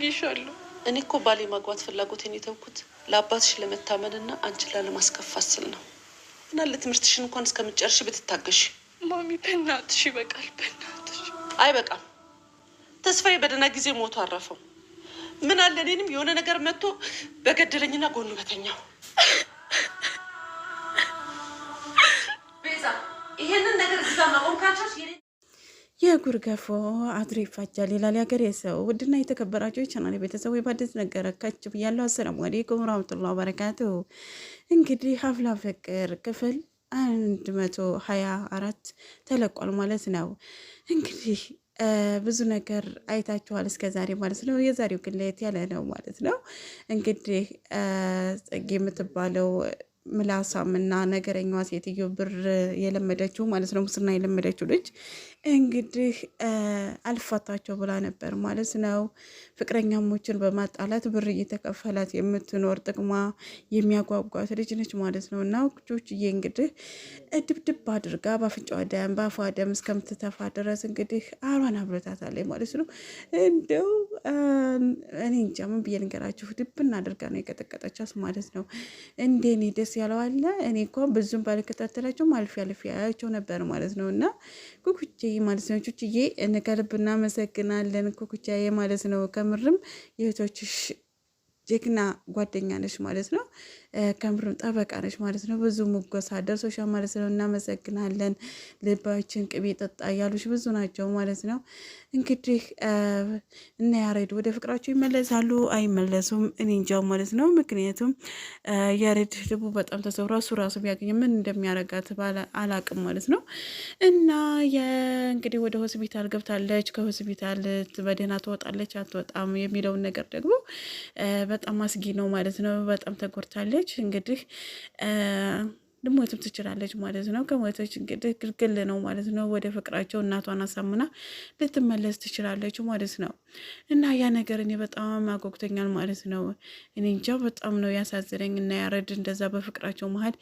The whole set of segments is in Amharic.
ብዬሻለሁ። እኔ እኮ ባሌ ማግባት ፍላጎቴን የተውኩት ለአባትሽ ለመታመን እና አንቺን ላለማስከፋት ስል ነው። ምናለ ትምህርትሽን እንኳን እስከምጨርሽ ብትታገሽ። ማሚ በናትሽ ይበቃል፣ በእናትሽ አይበቃም። ተስፋዬ በደህና ጊዜ ሞቶ አረፈው። ምን አለ እኔንም የሆነ ነገር መጥቶ በገደለኝና ጎኑ በተኛው። ቤዛ ይሄንን ነገር እዛ ማቆም ካልቻልሽ የጉር ገፎ አድሮ ይፋጃል ይላል የሀገሬ ሰው። ውድና የተከበራችሁ የቻናል ቤተሰቡ በአዲስ ነገር ከች ብያለሁ። አሰላሙ አሌይኩም ወራህመቱላሂ በረካቱ። እንግዲህ ሀፍላ ፍቅር ክፍል አንድ መቶ ሀያ አራት ተለቋል ማለት ነው። እንግዲህ ብዙ ነገር አይታችኋል እስከ ዛሬ ማለት ነው። የዛሬው ግን ለየት ያለ ነው ማለት ነው። እንግዲህ ጽጌ የምትባለው ምላሳም እና ነገረኛዋ ሴትዮ ብር የለመደችው ማለት ነው ሙስና የለመደችው ልጅ እንግዲህ አልፋታቸው ብላ ነበር ማለት ነው። ፍቅረኛሞችን በማጣላት ብር እየተከፈላት የምትኖር ጥቅማ የሚያጓጓት ልጅ ነች ማለት ነው። እና ኩቾችዬ እንግዲህ ድብድብ አድርጋ በአፍንጫዋ ደም በአፏ ደም እስከምትተፋ ድረስ እንግዲህ አሯን አብረታታለች ማለት ነው። እንደው እኔ እንጃ ምን ብዬ ልንገራችሁ፣ ድብን አድርጋ ነው የቀጠቀጠቻት ማለት ነው። እንዴኔ ደስ ያለዋለ እኔ እኮ ብዙም ባልከታተላቸውም አልፌ አልፌ ያያቸው ነበር ማለት ነው እና ጉጉቼ ማለት ነው። ቹችዬ ከልብ እናመሰግናለን። ኩኩቻዬ ማለት ነው። ከምርም የእህቶችሽ ጀግና ጓደኛ ነሽ ማለት ነው። ከምርም ጠበቃ ነሽ ማለት ነው። ብዙ ሙጎሳ ደርሶሻ ማለት ነው። እናመሰግናለን። ልባችን ቅቤ ጠጣ ያሉሽ ብዙ ናቸው ማለት ነው። እንግዲህ እና ያሬድ ወደ ፍቅራቸው ይመለሳሉ አይመለሱም? እኔ እንጃው ማለት ነው። ምክንያቱም ያሬድ ልቡ በጣም ተሰብሮ እሱ ራሱ ቢያገኝ ምን እንደሚያረጋት አላቅም ማለት ነው እና እንግዲህ ወደ ሆስፒታል ገብታለች፣ ከሆስፒታል በደህና ትወጣለች አትወጣም የሚለውን ነገር ደግሞ በጣም አስጊ ነው ማለት ነው። በጣም ተጎድታለች እንግዲህ ልሞትም ትችላለች ማለት ነው። ከሞተች ግልግል ነው ማለት ነው። ወደ ፍቅራቸው እናቷን አሳምና ልትመለስ ትችላለች ማለት ነው። እና ያ ነገር እኔ በጣም አጓጉቶኛል ማለት ነው። እኔ እንጃ በጣም ነው ያሳዝነኝ። እና ያረድ እንደዛ በፍቅራቸው መሀል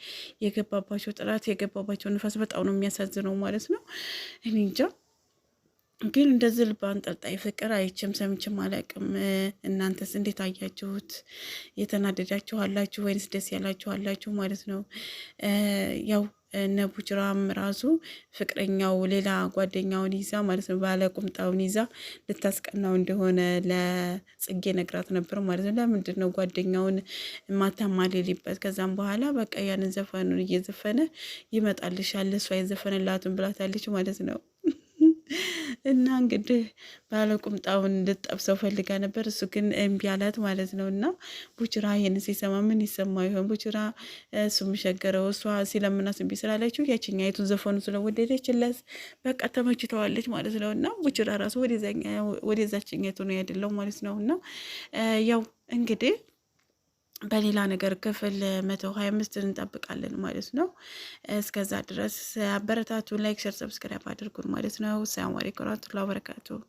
የገባባቸው ጥላት የገባባቸው ንፋስ በጣም ነው የሚያሳዝነው ማለት ነው። እኔ እንጃ ግን እንደዚህ ልብ አንጠልጣይ ፍቅር አይችም ሰምችም አላውቅም። እናንተስ እንዴት አያችሁት? የተናደዳችሁ አላችሁ ወይንስ ደስ ያላችሁ አላችሁ ማለት ነው? ያው እነ ቡጅራም ራሱ ፍቅረኛው ሌላ ጓደኛውን ይዛ ማለት ነው ባለቁምጣውን ይዛ ልታስቀናው እንደሆነ ለጽጌ ነግራት ነበር ማለት ነው። ለምንድን ነው ጓደኛውን ማታማሌሊበት? ከዛም በኋላ በቃ ያንን ዘፈኑን እየዘፈነ ይመጣልሻል፣ እሷ የዘፈነላትን ብላታለች ማለት ነው። እና እንግዲህ ባለ ቁምጣውን እንድጠብሰው ፈልጋ ነበር። እሱ ግን እምቢ አላት ማለት ነው። እና ቡችራ ይህን ሲሰማ ምን ይሰማ ይሆን? ቡችራ እሱ ሸገረው። እሷ ሲለምናት እምቢ ስላለችው ያችኛይቱን ዘፈኑ ስለወደደችለት በቃ ተመችተዋለች ማለት ነው። እና ቡችራ ራሱ ወደዛችኛይቱ ነው ያደለው ማለት ነው። እና ያው እንግዲህ በሌላ ነገር ክፍል መቶ ሀያ አምስት እንጠብቃለን ማለት ነው። እስከዛ ድረስ አበረታቱ። ላይክ፣ ሸር፣ ሰብስክራይብ አድርጉን ማለት ነው። ሰላም አለይኩም ወራህመቱላሂ